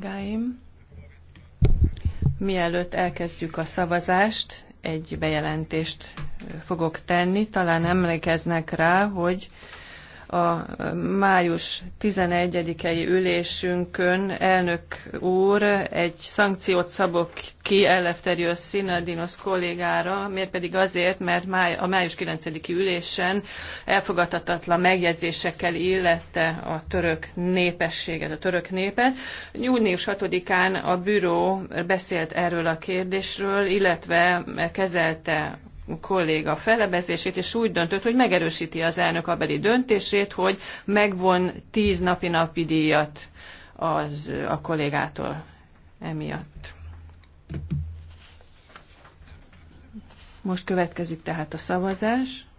kollégáim! Mielőtt elkezdjük a szavazást, egy bejelentést fogok tenni. Talán emlékeznek rá, hogy a május 11-i ülésünkön elnök úr egy szankciót szabok ki Elefterios Sinadinos kollégára, miért pedig azért, mert a május 9-i ülésen elfogadhatatlan megjegyzésekkel illette a török népességet, a török népet. Június 6-án a büró beszélt erről a kérdésről, illetve kezelte kolléga felebezését, és úgy döntött, hogy megerősíti az elnök abeli döntését, hogy megvon tíz napi napi díjat az, a kollégától emiatt. Most következik tehát a szavazás.